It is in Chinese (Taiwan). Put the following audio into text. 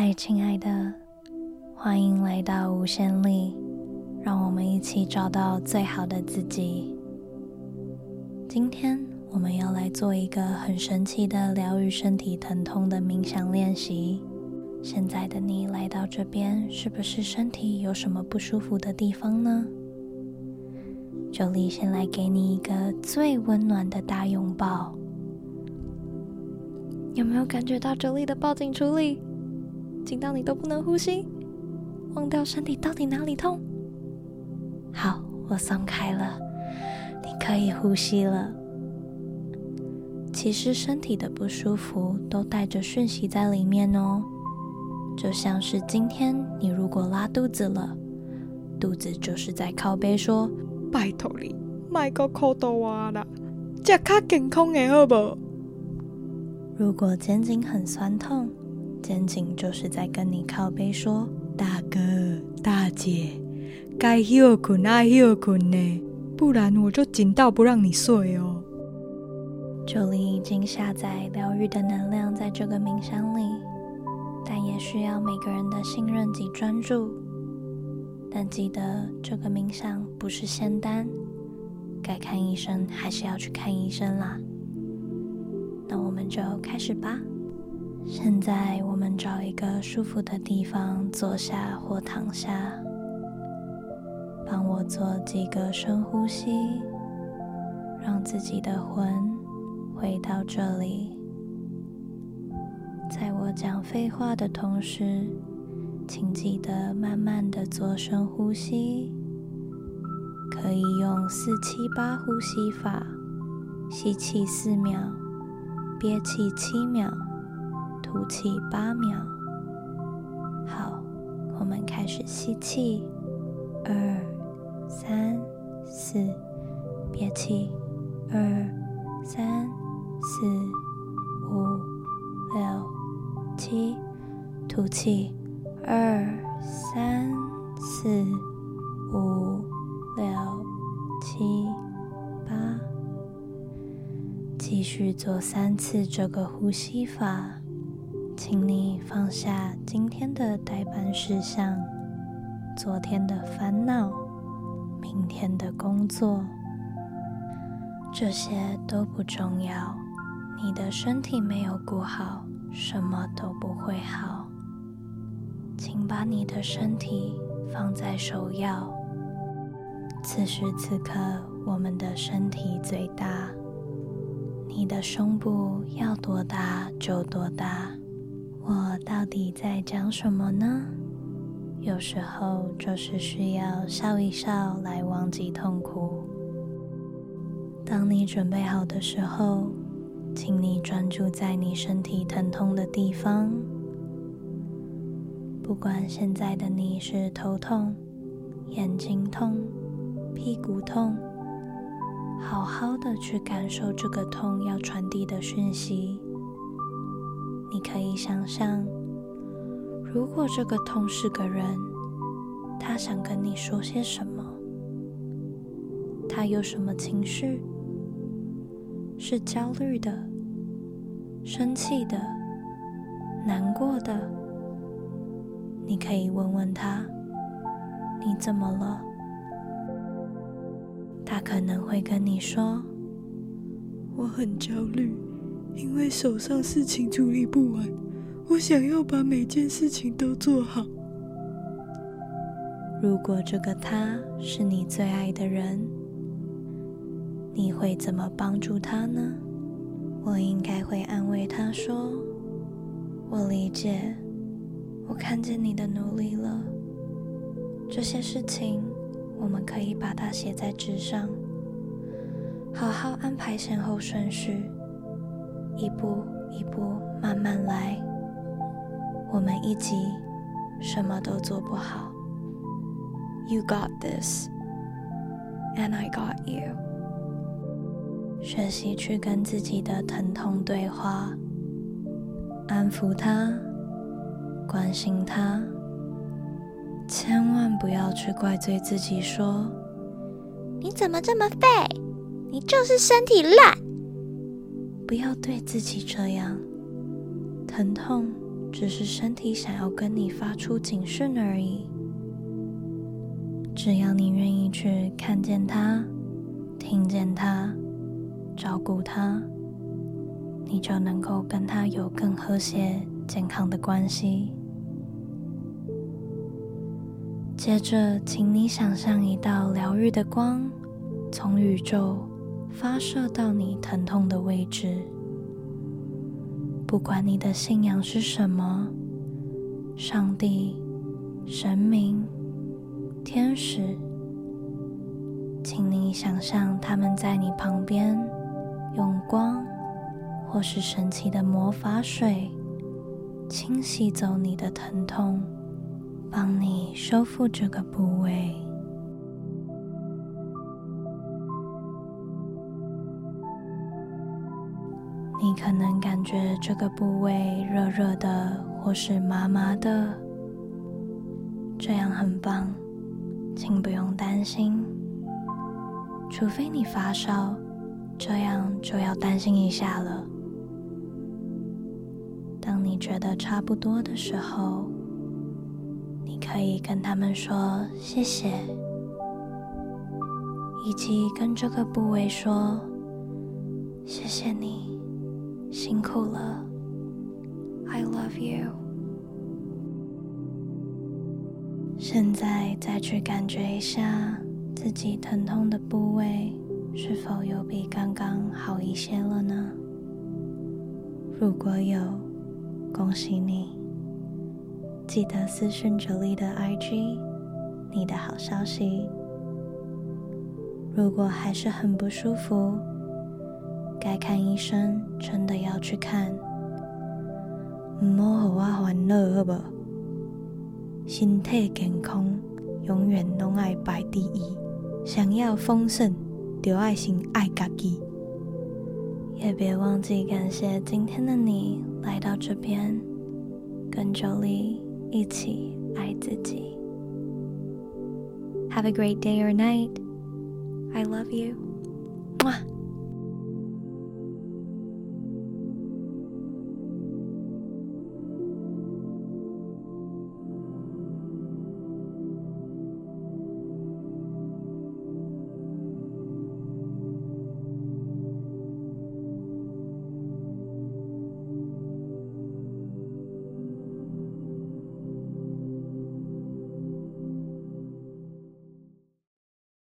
嗨，親愛的，歡迎來到無限力，讓我們一起找到最好的自己。今天我們要來做一個很神奇的療癒身體疼痛的冥想練習。現在的你來到這邊，是不是身體有什麼不舒服的地方呢？九粒先來給你一個最溫暖的大擁抱，有沒有感覺到九粒的抱緊處理？緊到你都不能呼吸，忘掉身體到底哪裡痛。好，我鬆開了，你可以呼吸了。其實身體的不舒服都帶着訊息在裡面哦，就像是今天你如果拉肚子了，肚子就是在靠背說：“拜託你，買個口罩啦，呷卡健康的好不？”如果肩頸很酸痛，肩頸就是在跟你靠背說：“大哥大姐，該休困愛休困呢，不然我就緊到不讓你睡哦。”這裡已經下載療癒的能量在這個冥想裡，但也需要每個人的信任及專注。但記得，這個冥想不是仙丹，該看醫生還是要去看醫生啦。那我們就開始吧。現在我們找一個舒服的地方坐下或躺下，幫我做幾個深呼吸，讓自己的魂回到這裡。在我講廢話的同時，請記得慢慢的做深呼吸，可以用四七八呼吸法，吸氣四秒，憋氣七秒。吐氣八秒。好，我們開始吸氣，二、三、四，憋氣，二、三、四、五、六、七，吐氣，二、三、四、五、六、七、八。繼續做三次這個呼吸法。請你放下今天的待辦事項，昨天的煩惱，明天的工作，這些都不重要。你的身體沒有顧好，什麼都不會好。請把你的身體放在首要。此時此刻，我們的身體最大。你的胸部要多大就多大。我到底在講什麼呢？有時候就是需要笑一笑來忘記痛苦。當你準備好的時候，請你專注在你身體疼痛的地方，不管現在的你是頭痛、眼睛痛、屁股痛，好好的去感受這個痛要傳遞的訊息。你可以想象，如果這個痛是個人，他想跟你說些什麼？他有什麼情緒？是焦慮的、生氣的、難過的？你可以問問他，你怎麼了？他可能會跟你說：“我很焦慮。”因為手上事情處理不完，我想要把每件事情都做好。如果這個他是你最愛的人，你會怎麼幫助他呢？我應該會安慰他說：“我理解，我看見你的努力了。這些事情，我們可以把它寫在紙上，好好安排前後順序。”一步一步慢慢來，我們一急什麼都做不好。You got this, and I got you。學習去跟自己的疼痛對話，安撫他、關心他，千萬不要去怪罪自己說，說你怎麼這麼廢，你就是身體爛。不要對自己這樣，疼痛只是身體想要跟你發出警訊而已。只要你願意去看見他、聽見他、照顧他，你就能夠跟他有更和諧、健康的關係。接着，請你想象一道療癒的光，從宇宙。發射到你疼痛的位置，不管你的信仰是什麼，上帝、神明、天使，請你想象他們在你旁邊，用光或是神奇的魔法水清洗走你的疼痛，幫你修復這個部位。你可能感覺這個部位熱熱的，或是麻麻的，這樣很棒，請不用擔心。除非你發燒，這樣就要擔心一下了。當你覺得差不多的時候，你可以跟他們說謝謝，以及跟這個部位說謝謝你。辛苦了，I love you。現在再去感覺一下自己疼痛的部位，是否有比剛剛好一些了呢？如果有，恭喜你！記得私訊 Jolie 的 IG，你的好消息。如果還是很不舒服，該看醫生，真的要去看，唔好讓我玩樂，好不好？身體健康永遠都愛排第一。想要豐盛，就愛先愛自己。也別忘記感謝今天的你來到這邊，跟 Jolie 一起愛自己。Have a great day or night. I love you.